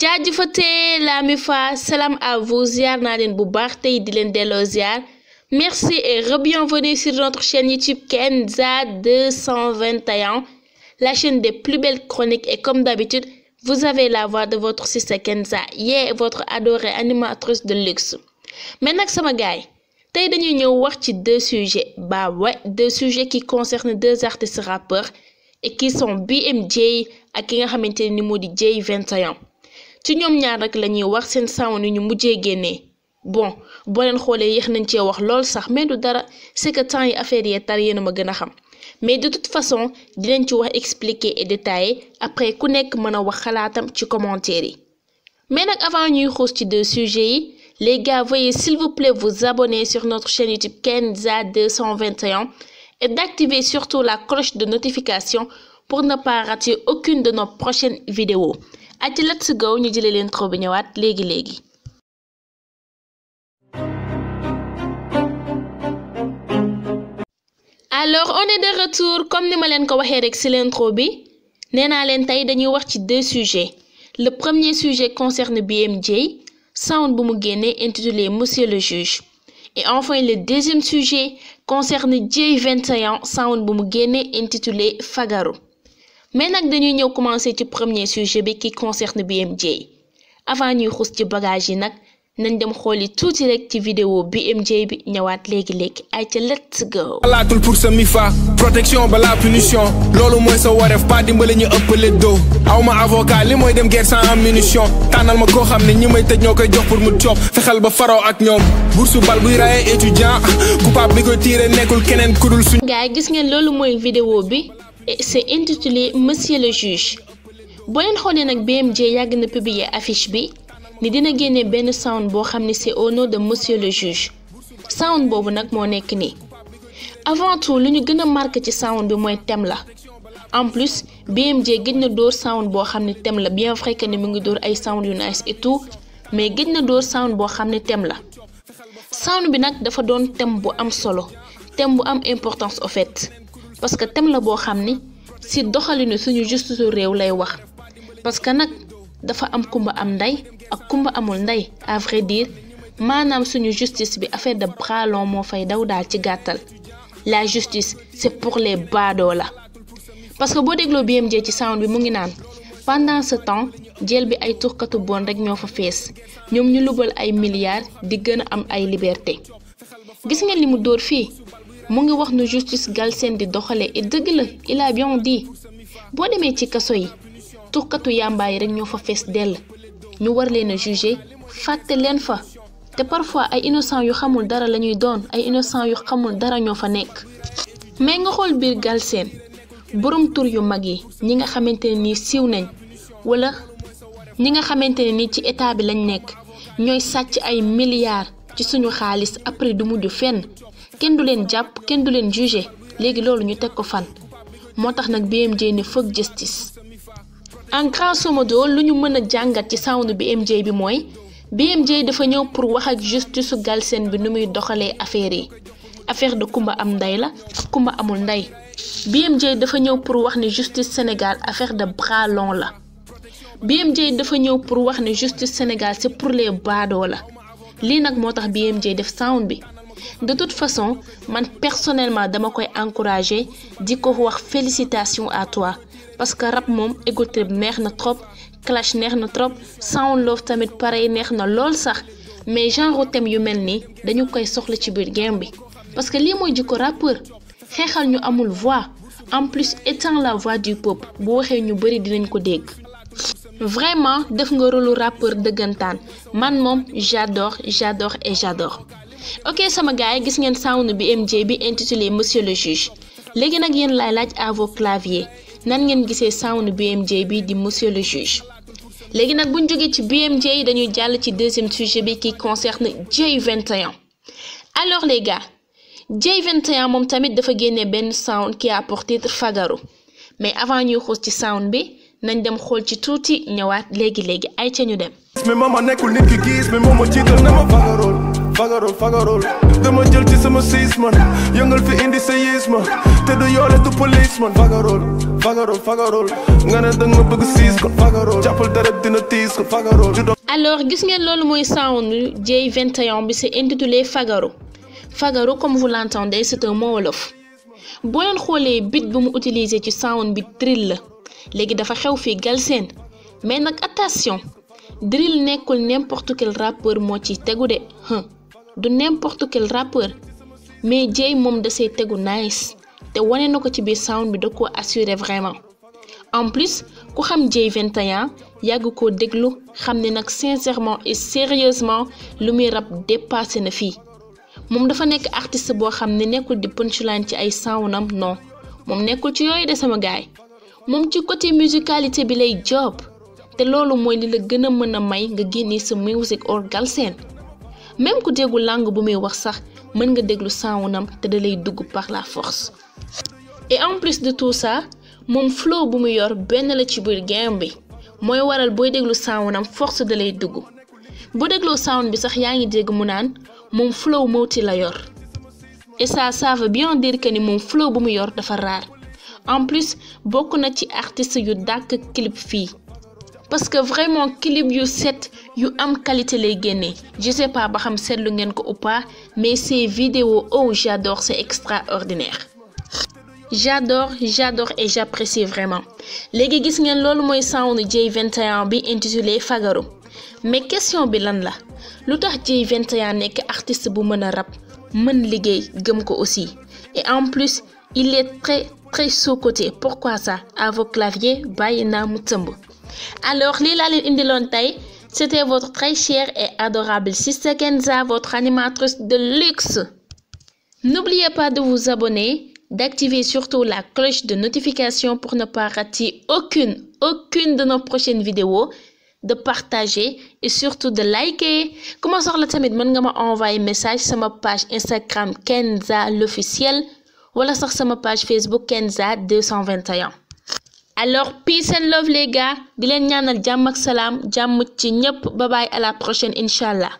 jaajëfatee la mifa. Salam à vous ziar bu baax tay di len merci et re-bienvenue sur notre chaîne YouTube Kenza 221 la chaîne des plus belles chroniques et comme d'habitude vous avez la voix de votre sister Kenza yé votre adorée animatrice de luxe Maintenant, que sama m'a tay dañuy ñew wax ci deux sujets bah ouais deux sujets qui concernent deux artistes rappeurs et qui sont BMJ et ak ki nga xamante ni 21 ci ñom ñaar rek lañuy wax seen sound ñu mujjé génnee bon bo len xolé yéex nañ ci wax lool sax mais du dara c'est que temps yi affaire yee tar yéen a ma gëna xam mais de toute façon dinañ ci wax expliquer et détailler après ku nekk mëna wax xalaatam ci commentaire yi. mais nak avant ñuy xoss ci deux sujets yi les gars veuillez s'il vous plaît vous abonner sur notre chaîne YouTube Kenza 221 et d'activer surtout la cloche de notification pour ne pas rater aucune de nos prochaines vidéos go ñu alors on est de retour comme nous ma len ko waxé rek l'intro deux sujets le premier sujet concerne BMJ, sound bu mu intitulé monsieur le juge et enfin le deuxième sujet concerne j 21 sound bu mu intitulé Fagaro. mais nag dañuy ñëw commencer ci premier sujet bi qui concerne BMJ avant ñuy xus ci bagage yi nag nañ dem xooli tuuti rek ci vidéo BMJ bi ñëwaat léegi-léegi ay ca let's go xalaatul pour sa mifa protection ba la punition loolu mooy sa wareef pas dimbale ñu ëppale doo aw ma avocat li mooy dem guerre sans am munition tànnal ma koo xam ne ñi may tëj ñoo koy jox pour mu job fexeel ba faroo ak ñoom boursu bal buy raye étudiant coupable bi ko tiire nekkul gis ngeen loolu mooy vidéo bi c'est intitulé Monsieur le juge boo leen xoolee nag BMJ yàgg publier affiche bi ni dina génne benn sound boo xam ne c'est au nom de Monsieur le juge sound boobu nag moo nekk nii avant tout lu ñu gën a marqué ci sound bi mooy thème la en plus BMJ gëj na dóor sound boo xam thème la bien vrai que ne mu ngi dóor ay sound yu nice et tout mais gëj na dóor sound boo xam ne thème la sound bi nag dafa doon thème bu am solo thème bu am importance au fait. parce que thème la boo xam ni si doxalinu suñu justice réew lay wax parce que nag dafa am kumba am ndey ak kumba amul ndey à vrai dire maanaam suñu justice bi affaire de bras moo fay daw daal ci gàttal la justice c'est pour les baado la parce que boo dégloo BMJ ci sound bi mu ngi naan pendant ce temps jël bi ay tuxkatu bon rek ñoo fa fees ñoom ñu lubal ay milliards di gën a am ay liberté gis nga li dóor fii mu ngi wax nu justice galsen di doxale et dëgg la il a bien boo demee ci kaso yi tuxkatu yàmbaa yi rek ñoo fa fees dell ñu war leen a jugé fàtte leen fa te parfois ay innocent yu xamul dara la ñuy doon ay innocent yu xamul dara ñoo fa nekk mais nga xool biir galsen borom tur yu mag yi ñi nga xamante ne nii siiw nañ wala ñi nga xamante ne nii ci état bi lañ nekk ñooy sàcc ay milliards ci suñu xaalis après du mujj fenn kenn du leen jàpp kenn du leen jugé léegi loolu ñu teg ko fan moo tax nag BMJ ne foog justice en grosso modo lu ñu mën a jàngat ci sound bi BMJ bi mooy BMJ dafa ñëw pour wax ak justice Galsen bi nu muy doxalee affaire yi affaire de kumba am ndey la ak kumba amul ndey BMJ dafa ñëw pour wax ne justice Sénégal affaire de bras long la BMJ dafa ñëw pour wax ne justice Sénégal c'est pour les badoo la lii nag moo tax BMJ def sound bi de toute façon man personnellement dama koy encourager di ko wax félicitations à toi parce que rap mom ego trip neex na trop clash neex na trop sound love tamit pareil neex na lool sax mais genre thème yu melni dañu koy soxla ci bir game bi parce que li moy jikko rappeur xeexal ñu amul voix en plus étant la voix du peuple bu waxé ñu bëri dinañ ko dégg. vraiment def nga rôle rappeur dëggantaan man mom j'adore j'adore et j'adore ok sama gars yi gis ngeen sound bi MJ bi intitulé monsieur le juge léegi nag yéen laay laaj à vos claviers nan ngeen gisee sound BMJ bi di monsieur le juge léegi nag buñ jógee ci BMJ dañuy jàll ci deuxième sujet bi qui concerne J21 alors les gars J21 moom tamit dafa génne benn sound qui a pour titre fagaru mais avant ñuy xuus ci sound bi nañ dem xool ci tuuti ñëwaat léegi léegi ay ca ñu dem. mais maman nekkul nit ki gis mais moom ma jiital na ma fagarol fagarol dama jël ci sama siis man yëngal fi indi sa yiis ma te du yoole du police man fagarol fagarol fagarool nga ne danga ma bëgg siis ko fagarol jappal deret dina tiis kon fagarool alors gis ngeen loolu mooy sound Dieye 21 bi c'est intitulé fagaru fagaru comme vous l'entendez c'est un mot wolof boo leen xoolee bit bu mu utiliser ci sound bi drill la léegi dafa xew fii Galsen mais nag attention drill nekkul n'importe quel rappeur moo ci tegu de hum. du n'importe quel rapper mais Dieye moom da say tegu nice te wane na ko ci biir sound bi da ko assuré vraiment en plus ku xam Dieye 21 yàgg koo déglu xam ne nag sincèrement et sérieusement lu muy rab dépassé na fii moom dafa nekk artiste boo xam ne nekkul di punchline ci ay soundam non moom nekkul ci yooyu de sama gaay moom ci côté musicalité bi lay job te loolu mooy li la gën a mën a may nga génnee sa musique or galsen même ku déggul langue bu muy wax sax mën nga te par la force. et en plus de tout ça mon flow bu mu yor benn la ci biir game bi mooy waral force da lay dugg bu dégloo sound bi sax yaa mu flow la et ça ça veut bien dire que ni moom flow bu mu yor dafa en plus beaucoup na ci artiste yu dàkk clip parce que vraiment clip yu set. You am qualité lay génnee je sais pas ba xam sétlu ngeen ko ou pas mais ces vidéos oh j'adore c'est extraordinaire j'adore j'adore et j'apprécie vraiment légui gis ngeen lolou moy sound J21 bi intitulé Fagarou. mais question bi lan la lutax tax J21 nek artiste bu meuna rap meun liggéey gëm ko aussi et en plus il est très très sous côté. pourquoi ça à vos claviers bàyyi naa mu alors lii laa leen c'était votre très chère et adorable Sister Kenza, votre animatrice de luxe. N'oubliez pas de vous abonner, d'activer surtout la cloche de notification pour ne pas rater aucune, aucune de nos prochaines vidéos, de partager et surtout de liker. Comment ça la tamit de nga ma message sur ma page Instagram Kenza l'officiel ou sur ma page Facebook Kenza 221 alors peace and love les gars Dilen leen ñaanal mak salam. salaam mouti ci Bye bye. à la prochaine inshallah.